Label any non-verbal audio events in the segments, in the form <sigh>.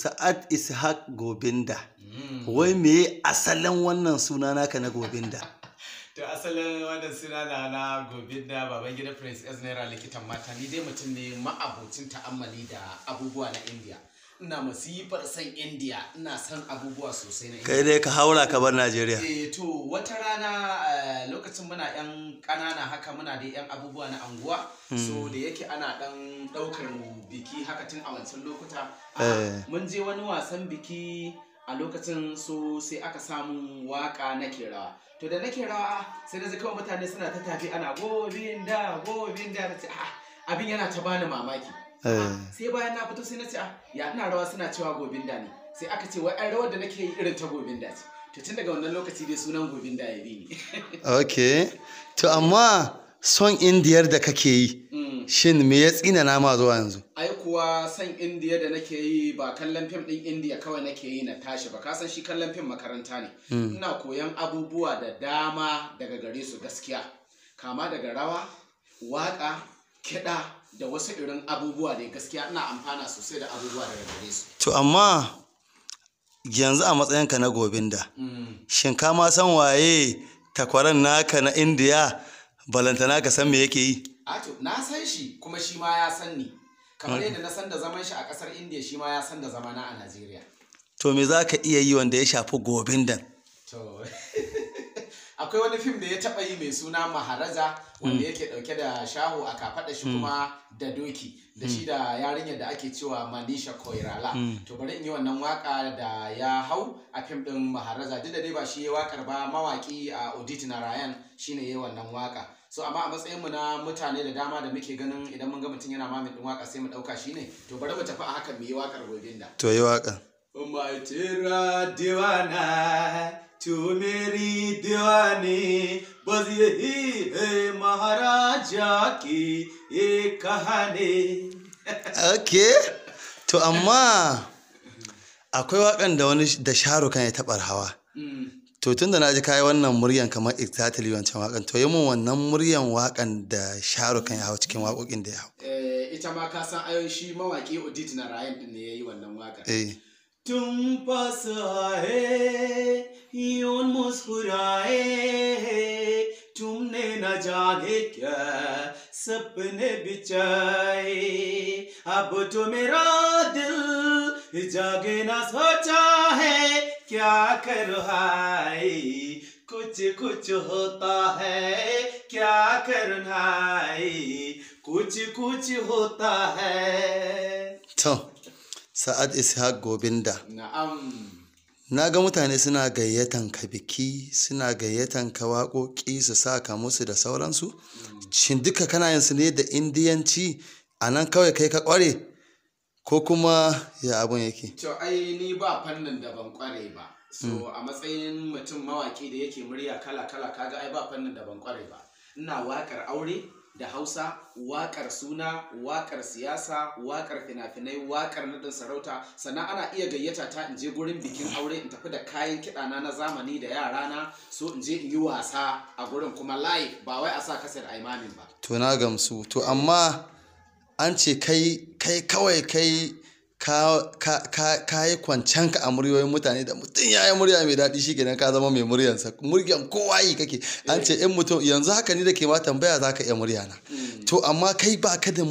Sa'ad Ishaq Gobinda. Hmm. Wai me asalin wannan suna naka na Gobinda? <laughs> To asalin wannan suna na na Gobinda baban gida Prince S Naira likitan mata ni dai mutum ne ma'abocin ta'ammali da abubuwa na India. ina masifar san india ina san abubuwa sosai na kai dai ka haura ka bar najeriya eh to wata rana eh, lokacin muna yan kanana haka muna da yan abubuwa na anguwa hmm. so da yake ana dan daukar mu biki haka tun a wancan lokuta eh. mun je wani wasan biki a lokacin so sai aka samu waka na kira to da nake rawa, sai da zaka mutane suna ta tafi ana da, gobinda gobinda abin yana ta bani mamaki Eh. sai bayan na fito sai na ce a ah, ya ina rawa suna cewa gobinda ne sai aka ce wai rawar da nake yi irin ta gobinda ce to tun daga wannan lokaci dai sunan gobinda ya bi ne <laughs> okay to amma son indiyar da kake yi mm. shin me ya tsina nama zuwa yanzu ai kuwa son indiya da nake yi ba kallon fim din indiya kawai nake yi na tashi ba kasan shi kallon fim makaranta ne mm. ina koyan abubuwa da dama daga gare su gaskiya kama daga rawa waka kiɗa da wasu irin abubuwa da gaskiya ina amfana sosai da abubuwa daga gare su to amma yanzu a matsayinka na gobinda mm. shin ka ma san waye takwaran naka na indiya balantana ka san me yake yi to, na san shi kuma shi ma ya san ni kamar mm. yadda na san da zaman shi a kasar indiya shi ma ya san da zamana a najeriya to me za ka iya yi wanda ya shafi gobindan to <laughs> akwai wani fim da ya taɓa yi mai suna maharaja wanda mm. yake ɗauke da shaho a kafaɗa shi kuma da doki da shi hmm. da yarinyar da ake cewa manisha koirala hmm. to bari in yi wannan waka da ya hau a fim din maharaza duk da dai ba shi ya wakar ba mawaki a odit na rayan shine ya wannan waka so amma a matsayin mu na mutane da dama da muke ganin idan mun ga mutum yana mamin din waka sai mu dauka ne? to bari mu tafi a hakan mu yi wakar gobin da to yi waka tira diwana, tumeri diwani, बस यही है महाराजा की ये कहानी okay to amma akwai wakan da wani da sharukan ya taɓa hawa hmm. to tun da na ji kayi wannan muryan kamar exactly wancan wakan to yi mun wannan muryan wakan da sharukan ya hau cikin waƙoƙin da ya hau eh, ita ma ka san ayon shi mawaƙi odit na rayan din ne ya yi wannan wakan eh. तुम पास आए यून मुस्कुराए तुमने न जाने क्या सपने बिचाए अब तो मेरा दिल जागे ना सोचा है क्या कर है कुछ कुछ होता है क्या करना है कुछ कुछ होता है तो sa'ad ishaq gobinda na ga mutane suna gayyatan ka biki suna gayyatan ka waƙoƙi su sa ka musu da sauransu shin duka kana yin su ne da indiyanci a nan kawai kai ka ƙware ko kuma ya abun yake to ai ni ba fannin da ban ba so hmm. a matsayin mutum mawaƙi da yake murya kala kala kaga ai ba fannin da ban ƙware ba ina waƙar aure da hausa waƙar suna waƙar siyasa waƙar fina-finai waƙar nadin sarauta sannan ana iya gayyata ta in je gurin bikin aure in tafi da kayan kiɗana na zamani da yara na so in je in yi wasa a gurin kuma layi ba wai a sa kasar aimamin ba to na gamsu to amma an ce kai kai kawai kai ka yi ka a muryoyin mutane da mutum ya yi murya mai daɗi shi ka zama mai muryansa muryan kowa yi kake an ce in mutum yanzu haka ni da ke ma tambaya za ka iya murya na hmm. to amma kai ba ka da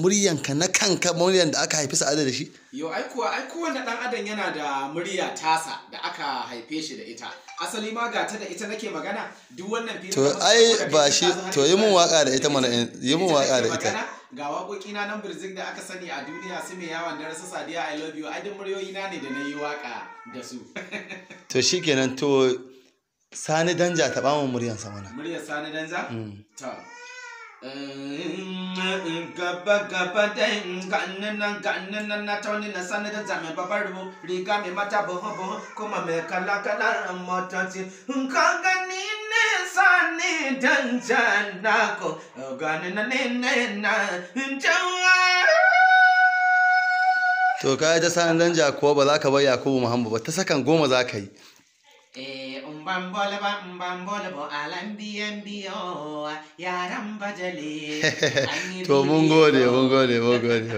ka na kanka muryan da aka haifi sa'ada da shi yo ai kuwa ai kowanne dan adam yana da murya tasa da aka haife shi da ita asali ma ga ta da ita nake magana duk wannan to ai ba shi to yi mun waka da ita mana yi mun waka da ita ga waƙoƙi na nan birzik da aka sani a duniya su mai yawon da rasa sadiya i love you ai duk muryoyi na ne da na yi waƙa da su to shikenan to sani danja ta bamu muryan sa mana muryar sani danja mm. to gaba gaba dai ganin nan ganin nan na tauni na sani da babbar babar riga mai mata buhu buhu kuma mai kala kala mota ce in kan ni danza nako gani na ne na jawa to ka ta sa'an danja kuwa ba za ka bar yakubu muhammad ba ta sakan goma za ka yi eh, mbambole um ba mbambole um bo alambiyan biyo yaran bajale <laughs> to mun gode mun gode mun gode